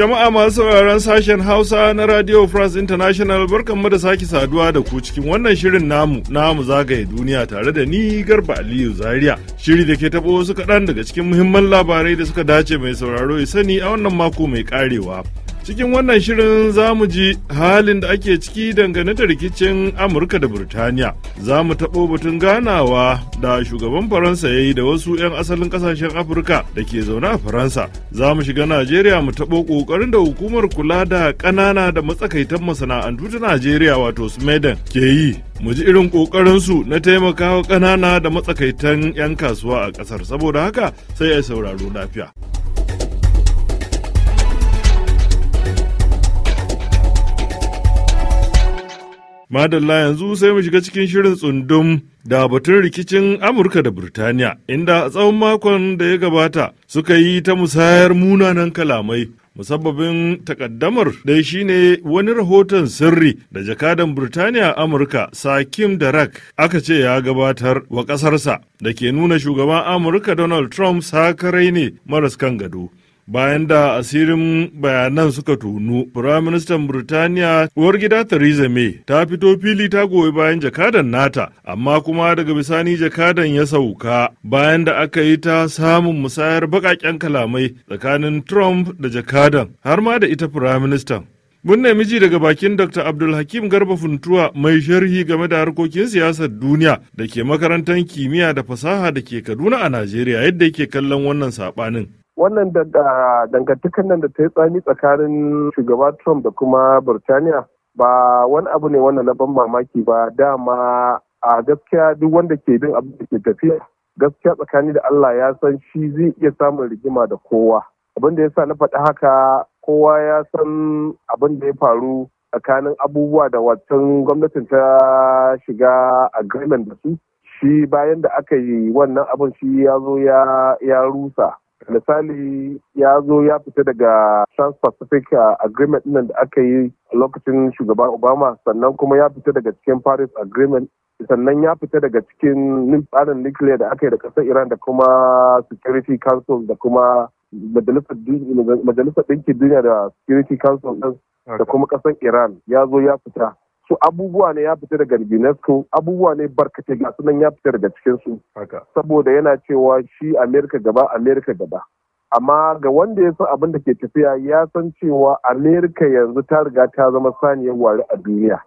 Jama'a masu sauraron sashen Hausa na Radio France International barkanmu da sake saduwa da ku cikin wannan shirin namu namu zagaye duniya tare da ni Garba Aliyu Zaria. Shiri da ke taɓo wasu kaɗan daga cikin muhimman labarai da suka dace mai sauraro ya sani a wannan mako mai karewa. Cikin wannan shirin za mu ji halin da ake ciki dangane da rikicin Amurka da Burtaniya. Za mu taɓo batun ganawa da shugaban Faransa ya yi da wasu 'yan asalin ƙasashen Afirka da ke zaune a Faransa. Za mu shiga Najeriya mu taɓo ƙoƙarin da hukumar kula da ƙanana da matsakaitan masana'antu ta Najeriya wato Smeden ke yi. Mu ji irin ƙoƙarinsu na taimakawa ƙanana da matsakaitan 'yan kasuwa a ƙasar. Saboda haka sai a sauraro lafiya. Madalla yanzu sai mu shiga cikin shirin tsundum da batun rikicin Amurka da birtaniya inda a tsawon makon da ya gabata suka yi ta musayar munanan kalamai. Musabbabin takaddamar dai shine wani rahoton sirri da jakadan Burtaniya Amurka Sakim Darak aka ce ya gabatar wa kasarsa da ke nuna shugaban Amurka Donald Trump sakarai ne maras kan gado. bayan da asirin bayanan suka tonu firaministan burtaniya uwar gida theresa may ta fito fili ta goyi bayan jakadan nata amma kuma daga bisani jakadan ya sauka bayan da aka yi ta samun musayar bakaken kalamai tsakanin trump da jakadan har ma da ita firaministan Mun nemi daga bakin Dr. Abdulhakim Garba Funtuwa mai sharhi game da harkokin siyasar duniya da ke makarantar kimiyya da fasaha da ke Kaduna a Najeriya yadda yake kallon wannan saɓanin. wannan dangantakan nan da ta yi tsani tsakanin shugaba trump da kuma Birtaniya ba wani abu ne wannan na ban mamaki ba dama a gaskiya duk wanda ke bin abin da ke tafiya gaskiya tsakani da allah ya san shi zai iya samun rigima da kowa abin da ya sa na faɗi haka kowa ya san abin da ya faru tsakanin abubuwa da watan gwamnatin ta shiga agreement da su shi bayan da aka yi wannan abin shi ya zo ya rusa misali ya zo ya fita daga trans-pacific uh, agreement nan da aka yi a lokacin shugaban obama sannan kuma ya fita daga cikin paris agreement sannan ya fita daga cikin tsarin nuclear da aka yi da ƙasar iran da kuma security council da kuma majalisar ɗinkin duniya da security council da kuma ƙasar iran ya zo ya fita su abubuwa ne ya fita daga UNESCO abubuwa ne barkatai ga sunan ya fita daga cikin su saboda yana cewa shi amerika gaba amerika gaba amma ga wanda ya san abin da ke tafiya ya san cewa amerika yanzu ta riga ta zama saniyar wari a duniya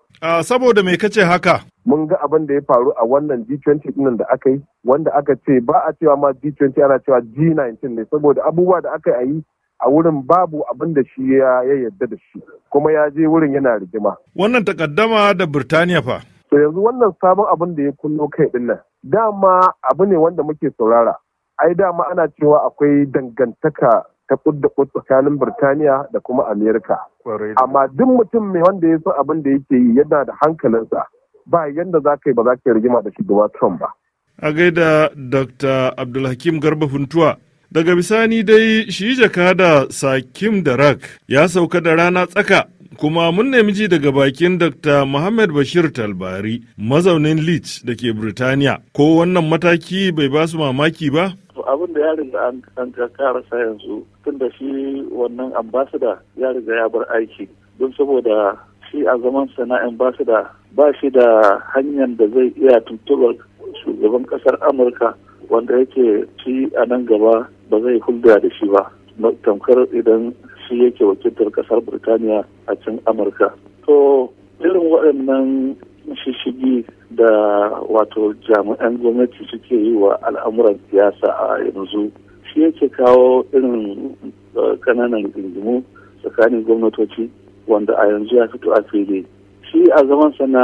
saboda me kace haka mun ga abin da ya faru a wannan G20 dinnan da aka yi wanda aka ce ba a cewa ma G20 ana cewa G19 ne saboda abubuwa da aka yi a wurin babu abin da shi ya yarda da shi kuma ya je wurin yana rigima. Wannan takaddama da Birtaniya fa. To yanzu wannan sabon abin da ya kullo kai din nan dama abu ne wanda muke saurara. Ai dama ana cewa akwai dangantaka ta kudda tsakanin Birtaniya da kuma Amerika. Amma duk mutum mai wanda ya san abin da yake yi yana da hankalinsa ba yadda za ka yi ba za ka yi rigima da shugaba Trump ba. A gaida Dr. Abdulhakim Garba Funtuwa. daga bisani dai shi jakada sakim da ya sauka da rana tsaka kuma mun nemi ji daga bakin dr muhammad bashir talbari mazaunin leach da ke birtaniya ko wannan mataki bai ba su mamaki ba abin da yarin da an karasa yanzu tun da shi wannan ambasada ya riga ya bar aiki don saboda shi a zaman sana ambasada ba shi da hanyar da zai iya tuntubar shugaban ƙasar amurka wanda yake ci a nan gaba ba zai hulɗa da shi ba tamkar idan shi yake wakiltar kasar birtaniya a can amurka to irin waɗannan shishigi da wato jami'an gwamnati suke yi wa al'amuran siyasa a yanzu shi yake kawo irin kananan eh, gingimu tsakanin gwamnatoci wanda a yanzu ya fito a fili shi a zamansa na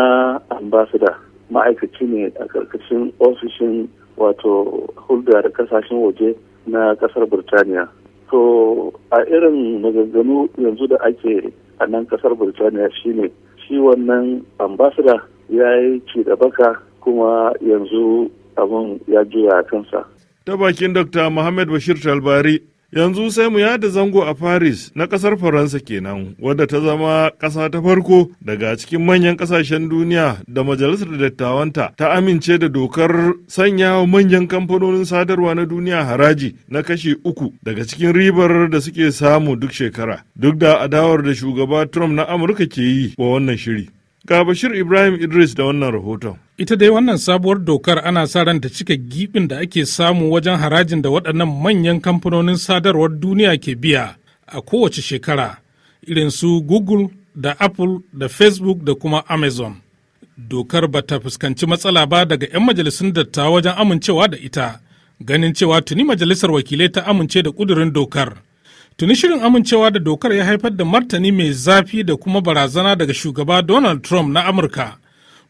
ambasada ma'aikaci ne a karkashin ofishin wato hulɗa da kasashen waje na kasar Burtaniya. To a irin maganganu yanzu da ake a nan kasar Burtaniya shine shi wannan ambasada ya yi ci da baka kuma yanzu abin ya juya a kansa. Ta bakin Dr. Muhammad Bashir Talbari Yanzu sai mu yada zango a Paris na ƙasar Faransa kenan, wadda ta zama ƙasa ta farko daga cikin manyan ƙasashen duniya da Majalisar Dattawanta ta amince da dokar sanya manyan kamfanonin sadarwa na duniya haraji na kashi uku daga cikin ribar da suke samu duk shekara, duk da adawar da shugaba Trump na Amurka ke yi wa wannan shiri. Ga Bashir Ibrahim Idris da wannan rahoton. Ita dai wannan sabuwar dokar ana sa ran ta cika gibin da ake samu wajen harajin da waɗannan manyan kamfanonin sadarwar duniya ke biya a kowace shekara, irin su Google da Apple da Facebook da kuma Amazon. Dokar ba ta fuskanci matsala ba daga 'yan majalisun dattawa wajen amincewa da ita, ganin cewa tuni majalisar wakilai ta amince da ƙudurin dokar. Tuni shirin amincewa da dokar ya haifar da martani mai zafi da kuma barazana daga shugaba Donald Trump na Amurka,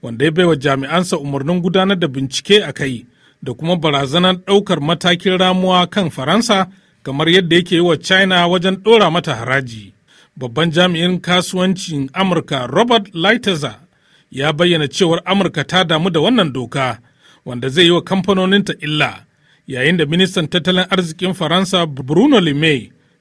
wanda ya baiwa jami'ansa umarnin gudanar da bincike a kai da kuma barazanar ɗaukar matakin ramuwa kan Faransa kamar yadda yake yi wa China wajen ɗora mata haraji. Babban jami'in kasuwancin Amurka Robert Lighthizer ya bayyana cewar Amurka ta damu da wannan doka, wanda zai yi wa kamfanoninta illa, yayin da ministan tattalin arzikin Faransa Bruno Le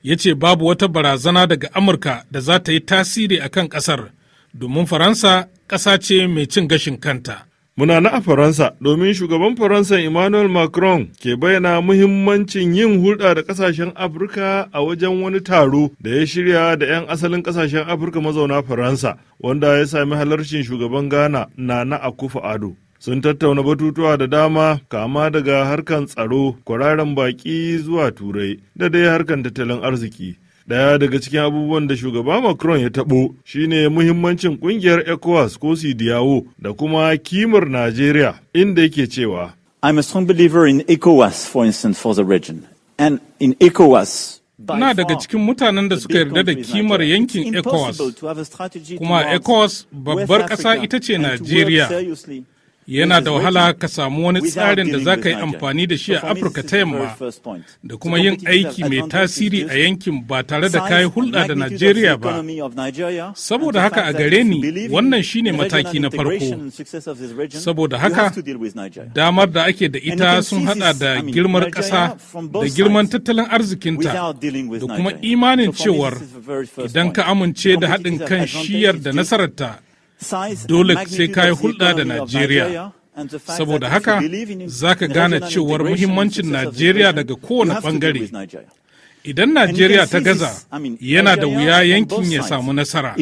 ya ce babu wata barazana daga amurka da za ta yi tasiri a kan ƙasar domin faransa ƙasa ce mai cin gashin kanta muna na a faransa domin shugaban faransa emmanuel macron ke bayyana muhimmancin yin hulɗa da ƙasashen afirka a wajen wani taro da ya shirya da 'yan asalin ƙasashen afirka mazauna faransa wanda ya sami halarcin shugaban ghana na na akufa ado sun tattauna batutuwa da dama kama daga harkan tsaro kwararren baƙi zuwa turai da dai harkan tattalin arziki ɗaya daga cikin abubuwan da shugaba Macron ya taɓo shine muhimmancin ƙungiyar ECOWAS ko Sidiyawo da kuma kimar Najeriya inda yake cewa. I'm a strong believer in ECOWAS for instance for the region and in ECOWAS Na daga cikin mutanen da suka yarda da kimar yankin ECOWAS, kuma ECOWAS babbar ƙasa ita ce Najeriya. yana da wahala ka samu wani tsarin da za ka yi amfani da shi a afirka ta yamma da kuma yin aiki mai tasiri a yankin ba tare da kayi hulɗa da najeriya ba saboda haka a gare ni wannan shine mataki na farko saboda haka damar da ake da ita sun hada da girmar ƙasa da girman tattalin arzikinta da kuma imanin cewar idan ka amince da haɗin kan shiyar da nasararta dole sai ka hulɗa da Najeriya. Saboda haka za ka gane cewar muhimmancin Najeriya daga kowane ɓangare. Idan Najeriya ta gaza, yana da wuya yankin ya samu nasara.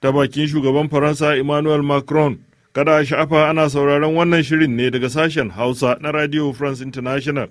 Ta bakin shugaban Faransa Emmanuel Macron, kada a sha'afa ana sauraron wannan shirin ne daga sashen Hausa na Radio France International.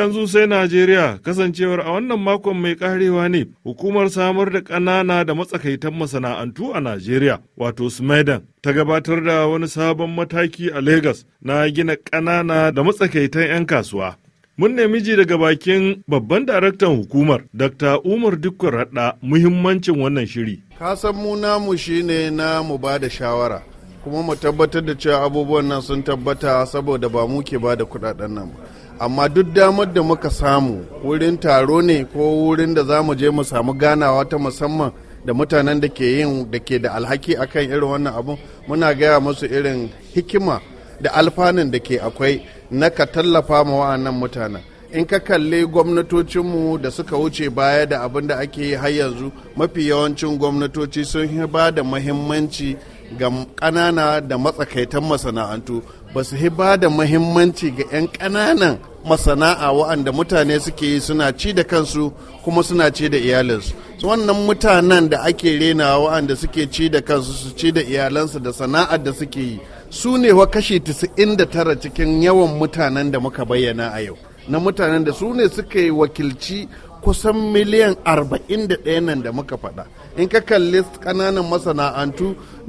Yanzu sai Najeriya kasancewar a wannan makon mai karewa ne hukumar samar da ƙanana da matsakaitan masana'antu a Najeriya wato Smedan ta gabatar da wani sabon mataki a Legas na gina ƙanana da matsakaitan 'yan kasuwa. Mun nemi ji daga bakin babban daraktan hukumar Dr. Umar Dukkan Radda muhimmancin wannan shiri. Ka san mu namu shine na mu ba da shawara. kuma mu tabbatar da cewa abubuwan nan sun tabbata saboda ba mu ke ba da kudaden nan ba amma duk damar da muka samu wurin taro ne ko wurin da za mu je mu samu ganawa ta musamman da mutanen da ke yin da ke da alhaki akan irin wannan abun muna gaya musu irin hikima da alfanun da ke akwai na ka tallafa ma wa'annan mutanen in ka kalli gwamnatocinmu da suka wuce baya da abin da ake yi har yanzu mafi yawancin gwamnatoci sun ba da muhimmanci. ga ƙanana da matsakaitan masana'antu ba su ba da mahimmanci ga 'yan ƙananan masana'a wa'anda mutane suke yi suna ci da kansu kuma suna ci da iyalinsu wannan mutanen da ake rena wa'anda suke ci da kansu su ci da iyalansu da sana'ar da suke yi su ne wa kashi 99 cikin yawan mutanen da muka bayyana a yau na mutanen da su ne suka wakilci kusan miliyan 41 nan da muka faɗa in ka kalli kananan masana'antu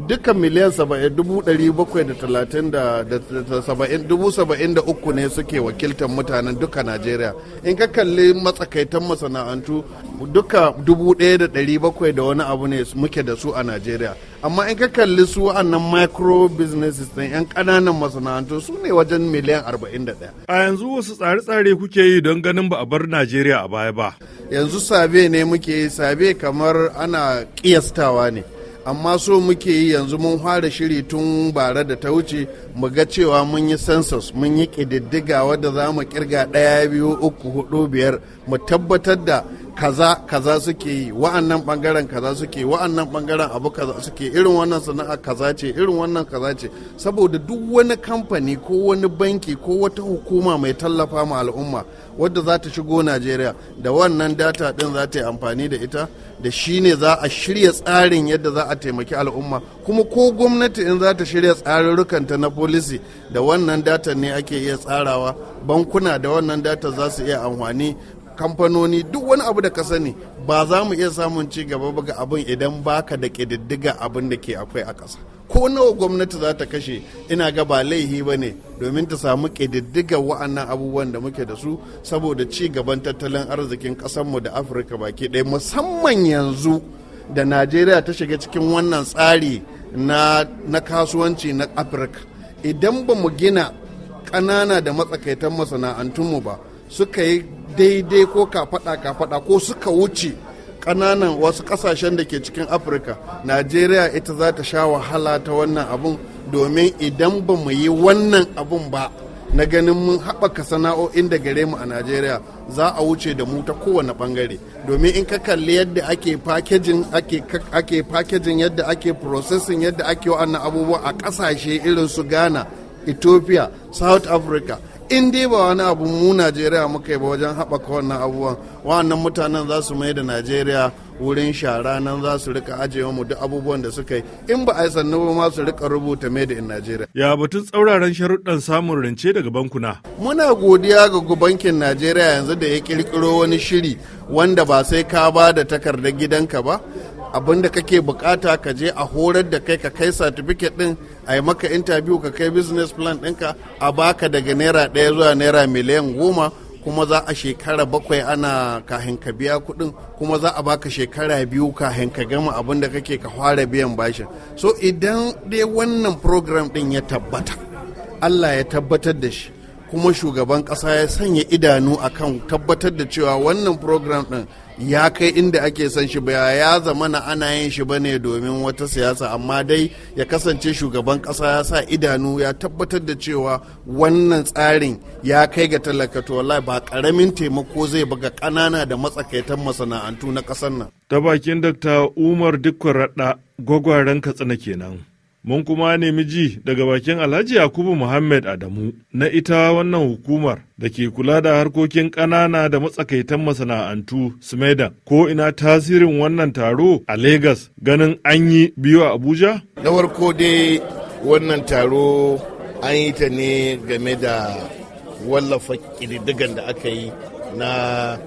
duka miliyan 73 ne suke wakiltar mutanen duka najeriya in ka kalli matsakaitan masana'antu duka 1,700 da wani abu ne muke da su a najeriya amma in ka kalli su nan micro businesses ɗin 'yan ƙananan masana'antu su ne wajen miliyan ɗaya. a yanzu wasu tsare-tsare kuke yi don ganin ba a bar najeriya a baya ba yanzu sabe ne muke sabe kamar ana ƙiyastawa ne amma so muke yi yanzu mun fara shiri tun bara da ta wuce mu ga cewa mun yi census mun yi ƙididdiga wadda za mu ƙirga ɗaya biyu uku hudu biyar mu tabbatar da kaza kaza suke yi wa'annan bangaren kaza suke wa'annan bangaren abu kaza suke irin wannan sana'a kaza ce irin wannan kaza ce saboda duk wani kamfani ko wani banki ko wata hukuma mai tallafa ma al'umma wadda za ta shigo najeriya da wannan data din za ta yi amfani da ita da shi ne za a shirya tsarin yadda za a taimaki al'umma kuma ko gwamnati in za ta shirya tsarurrukanta na polisi da wannan data ne ake iya tsarawa bankuna da wannan data za su iya amfani kamfanoni duk wani abu da ka sani ba za mu iya samun ci gaba ba ga abin idan baka da ƙididdiga abin da ke akwai a ƙasa ko nawa gwamnati za ta kashe ina ga ba laihi ba ne domin ta samu ƙididdiga wa'annan abubuwan da muke da su saboda ci gaban tattalin arzikin ƙasarmu da afirka baki ɗaya musamman yanzu da najeriya ta shiga cikin wannan tsari na, kasuwanci na afirka idan ba mu gina ƙanana da matsakaitan masana'antunmu ba suka yi daidai ko ka faɗa-ka faɗa ko suka wuce ƙananan wasu ƙasashen da ke cikin afirka najeriya ita za ta sha wahala ta wannan abun domin idan ba mu yi wannan abun ba na ganin mun haɓaka sana'o'in da gare mu a najeriya za a wuce da mu ta kowane ɓangare domin in ka kalli yadda ake fakejin ake fakejin yadda ake processing yadda ake wa'annan abubuwa a ƙasashe irin su ghana ethiopia south africa in dai ba wani abu mu najeriya muka yi ba wajen haɓaka wannan abubuwan wannan mutanen za su mai da najeriya wurin shara nan za su rika ajiye mu duk abubuwan da suka yi in ba a yi sannu ba ma su rika rubuta da in Najeriya. Ya batun tsauraran sharuɗan samun rance daga bankuna. Muna godiya ga bankin Najeriya yanzu da ya ƙirƙiro wani shiri wanda ba sai ka ba da takardar gidanka ba abin da kake bukata ka je a horar da kai ka kai satifiket din a yi maka interview ka kai business plan ɗinka a baka daga naira ɗaya zuwa naira miliyan goma kuma za a shekara bakwai ana kahin ka biya kuɗin kuma za a baka shekara biyu kahin ka gama abin da kake ka fara biyan bashin so idan dai wannan program ɗin ya tabbata allah ya tabbatar da shi kuma shugaban ƙasa ya sanya idanu akan tabbatar da cewa wannan program ɗin ya kai inda ake son shi ba ya zama na ana yin shi ba ne domin wata siyasa amma dai ya kasance shugaban kasa ya sa idanu ya tabbatar da cewa wannan tsarin ya kai ga talaka to wallahi ba karamin taimako zai baga ga kanana da matsakaitan masana'antu na kasar nan ta bakin dr umar dukkan raɗa gwagwaren katsina kenan Mun kuma nemi ji daga bakin Alhaji Yakubu Muhammad Adamu na ita wannan hukumar da ke kula da harkokin ƙanana da matsakaitan masana'antu Smeda ko ina tasirin wannan taro a Legas ganin an yi biyu a Abuja? Na warko dai wannan taro an yi ta ne game da wallafa ƙididdigan da aka yi na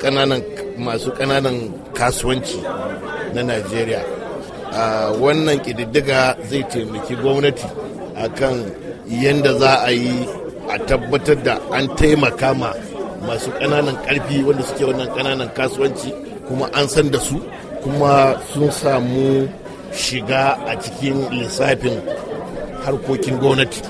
ƙananan masu ƙananan kasuwanci na Najeriya. wannan ƙididdiga zai taimaki gwamnati akan yadda za a yi a tabbatar da an taimaka ma masu ƙananan ƙarfi wanda suke wannan ƙananan kasuwanci kuma an san da su kuma sun samu shiga a cikin lissafin harkokin gwamnati.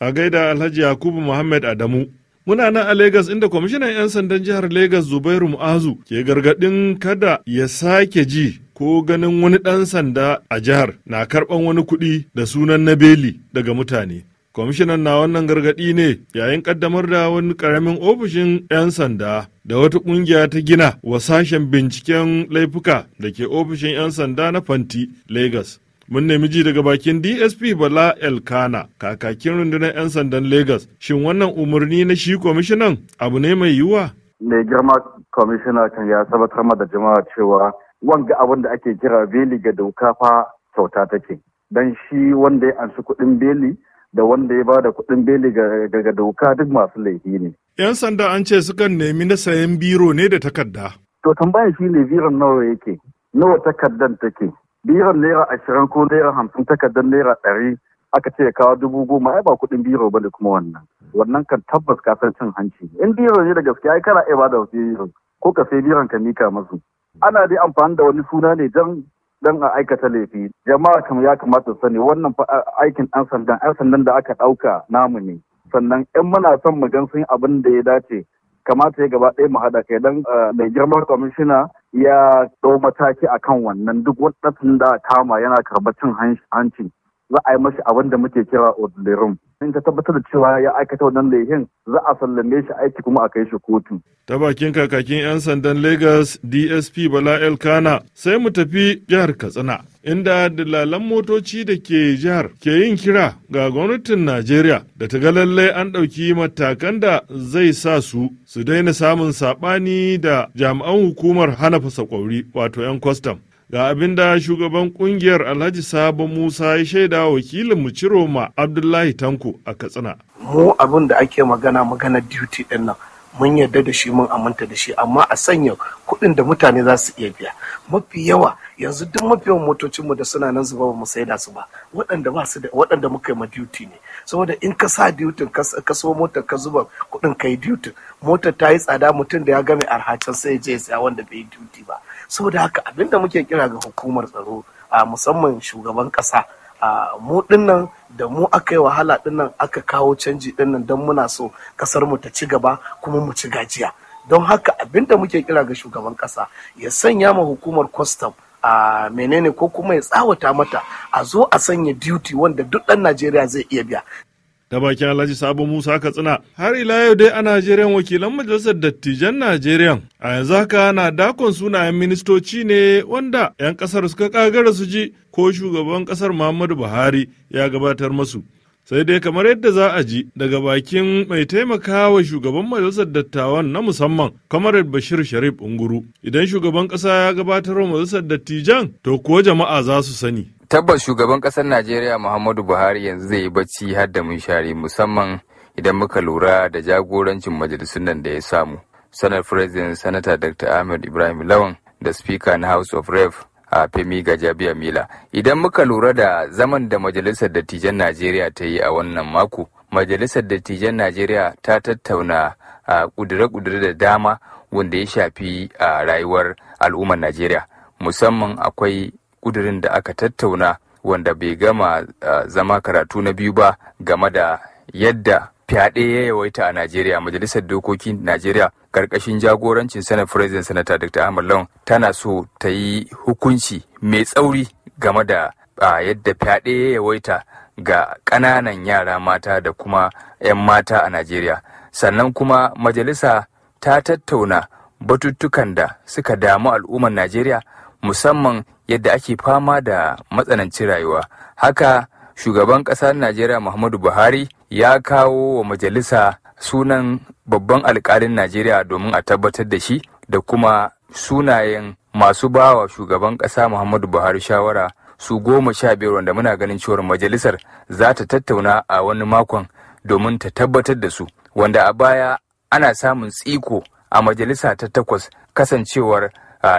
A gaida Alhaji Yakubu Muhammad Adamu. Muna nan a Legas inda kwamishinan 'yan sandan jihar Legas Zubairu Mu'azu ke gargaɗin kada ya sake ji ko ganin wani ɗan sanda a jihar na karɓan wani kuɗi da sunan na beli daga mutane. Kwamishinan na wannan gargaɗi ne yayin ƙaddamar da wani ƙaramin ofishin 'yan sanda da wata ƙungiya ta gina wa sashen binciken laifuka da ke ofishin 'yan sanda na Fanti, Lagos. Mun nemi ji daga bakin DSP Bala Elkana, kakakin rundunar 'yan sandan Lagos. Shin wannan umarni na shi kwamishinan abu ne mai yiwuwa? Mai girma kwamishina ya sabatar da jama'a cewa wanga abin da ake kira beli ga doka fa kyauta take dan shi wanda ya ansu kuɗin beli da wanda ya bada da kuɗin beli ga doka duk masu laifi ne. 'Yan sanda an ce sukan nemi na sayan biro ne da takarda. To tambaya shi ne biron nawa yake, nawa takardan take. Biron naira ashirin ko naira hamsin takardan naira ɗari aka ce kawo dubu goma ai ba kuɗin biro ba ne kuma wannan. Wannan kan tabbas ka cin hanci. In biro ne da gaskiya ai kana iya ba da biro ko ka sai biron ka mika masu. ana dai amfani da wani suna ne don don a aikata laifi jama'a kam ya kamata su sani wannan aikin ɗan sandan ɗan sandan da aka ɗauka namu ne sannan in muna son mu gan sun abin da ya dace kamata ya gaba ɗaya mu haɗa kai don mai girman kwamishina ya ɗau mataki akan wannan duk wani da kama yana karɓar cin hanci za a yi mashi abin da muke kira odlerum in ka tabbatar da cewa ya aikata wannan laihin za a sallame shi aiki kuma a kai shi kotu. ta bakin kakakin 'yan sandan lagos dsp bala el kana sai mu tafi jihar katsina inda dalalan motoci da ke jihar ke yin kira ga gwamnatin najeriya da ta ga lallai an ɗauki matakan da zai sa su su daina samun saɓani da jami'an hukumar hana fasa kwauri wato 'yan kwastam Ga abin da shugaban kungiyar Alhaji sabon Musa ya shaida wakilin mu ciro ma Abdullahi Tanko a Katsina. Mu abin da ake magana magana duty din nan mun yarda da shi mun aminta da shi amma a sanya kuɗin da mutane za su iya biya mafi yawa yanzu duk mafi yawan motocinmu da suna nan zuba ba mu saida su ba waɗanda muka yi ma duty ne saboda in ka sa duty ka so motar ka zuba kuɗin ka yi duty motar ta yi tsada mutum da ya game arhacin sai ya je ya saya wanda bai yi duty ba saboda haka abinda muke kira ga hukumar tsaro a musamman shugaban kasa a mu dinnan da mu aka yi wahala dinnan aka kawo canji dinnan don muna so kasar mu ta ci gaba kuma mu ci gajiya don haka abinda muke kira ga shugaban kasa ya sanya ma hukumar kwastam a menene ko kuma ya tsawata mata a zo a sanya duty wanda duk ɗan najeriya zai iya biya ta bakin Alhaji Sabo Musa Katsina. Har ila yau dai a Najeriya wakilan majalisar dattijan Najeriya a yanzu haka na dakon sunayen ministoci ne wanda 'yan kasar suka kagara su ji ko shugaban kasar Muhammadu Buhari ya gabatar masu. Sai dai kamar yadda za a ji daga bakin mai taimaka wa shugaban majalisar dattawan na musamman Comrade Bashir Sharif Unguru. Idan shugaban ƙasa ya gabatar wa majalisar dattijan to kuwa jama'a za su sani. tabbas shugaban ƙasar najeriya muhammadu buhari yanzu zai yi bacci har da mun share musamman idan muka lura da jagorancin majalisun nan da ya samu sanar president sanata dr ahmed ibrahim lawan da speaker na house of rev a femi gajabiya mila idan muka lura da zaman da majalisar dattijan najeriya ta yi a wannan mako majalisar dattijan najeriya ta tattauna a kudure-kudure da dama wanda ya shafi a rayuwar al'ummar najeriya musamman akwai kudirin da aka tattauna wanda bai gama zama karatu na biyu ba game da yadda fyaɗe ya yawaita a Najeriya majalisar dokokin Najeriya ƙarƙashin jagorancin sanar president sanata Dr. Ahmad Lawan tana so ta yi hukunci mai tsauri game da yadda fyaɗe ya yawaita ga ƙananan yara mata da kuma 'yan mata a Najeriya. Sannan kuma majalisa ta tattauna batuttukan da suka damu al'umman Najeriya musamman yadda ake fama da matsanancin rayuwa haka shugaban ƙasar najeriya muhammadu buhari ya kawo wa majalisa sunan babban alkalin najeriya domin a tabbatar da shi da kuma sunayen masu bawa shugaban ƙasa muhammadu buhari shawara su goma sha biyar wanda muna ganin cewar majalisar za ta tattauna a wani makon domin ta tabbatar da su wanda a baya ana samun tsiko a majalisa ta takwas kasancewar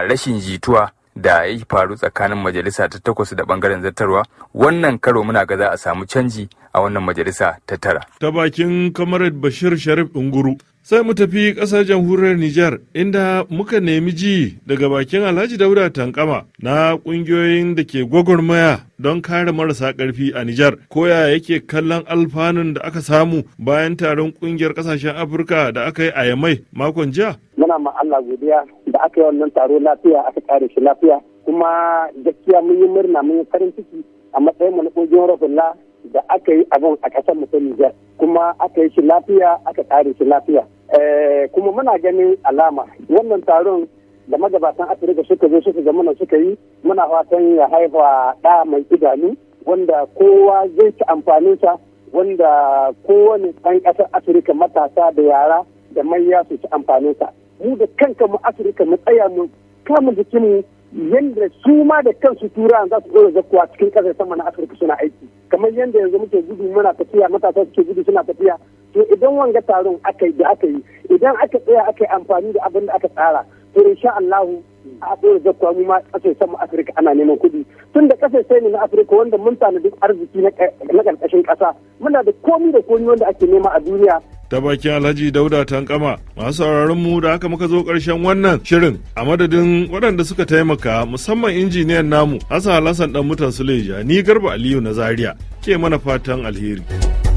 rashin jituwa da ya faru tsakanin majalisa ta takwas da bangaren zartarwa wannan karo muna ga za a samu canji a wannan majalisa ta tara. Ta bakin kamarar Bashir Sharif Unguru sai mu tafi ƙasar jamhuriyar Nijar inda muka nemi ji daga bakin Alhaji Dauda Tankama na ƙungiyoyin da ke gwagwarmaya don kare marasa ƙarfi a Nijar ko koya yake kallon alfanun da aka samu bayan taron ƙungiyar ƙasashen Afirka da aka yi a Yamai makon jiya. muna ma Allah godiya da aka yi wannan taro lafiya aka kare shi lafiya kuma gaskiya mun yi murna mun yi farin ciki a matsayin mu na kungiyar rafulla da aka yi abin a kasar mu ta Niger kuma aka yi shi lafiya aka kare shi lafiya eh, kuma muna ganin alama wannan taron da magabatan Afirka suka zo suka zamana suka yi muna fatan ya haifa da mai idanu wanda kowa zai ci amfaninsa wanda kowane ɗan ƙasar Afirka matasa da yara da manya su ci amfaninsa. mu da kanka mu afirka mu tsaya mu kama jikin yadda su ma da kansu tura za su ɗora zakkuwa cikin ƙasar sama na afirka suna aiki kamar yadda yanzu muke gudu muna tafiya matasa suke gudu suna tafiya to idan wanga taron aka yi da aka yi idan aka tsaya aka yi amfani da abin da aka tsara to insha Allahu a ɗora zakkuwa mu ma ƙasar sama afirka ana neman kuɗi tun da ƙasar sai na afirka wanda mun tanadi arziki na ƙarƙashin ƙasa muna da komi da komi wanda ake nema a duniya ta bakin alhaji dauda tankama masu sauraron mu da haka muka zo karshen wannan shirin a madadin waɗanda suka taimaka musamman injiniyan namu hasan alhassan dan mutan suleja ni garba aliyu na zaria ke mana fatan alheri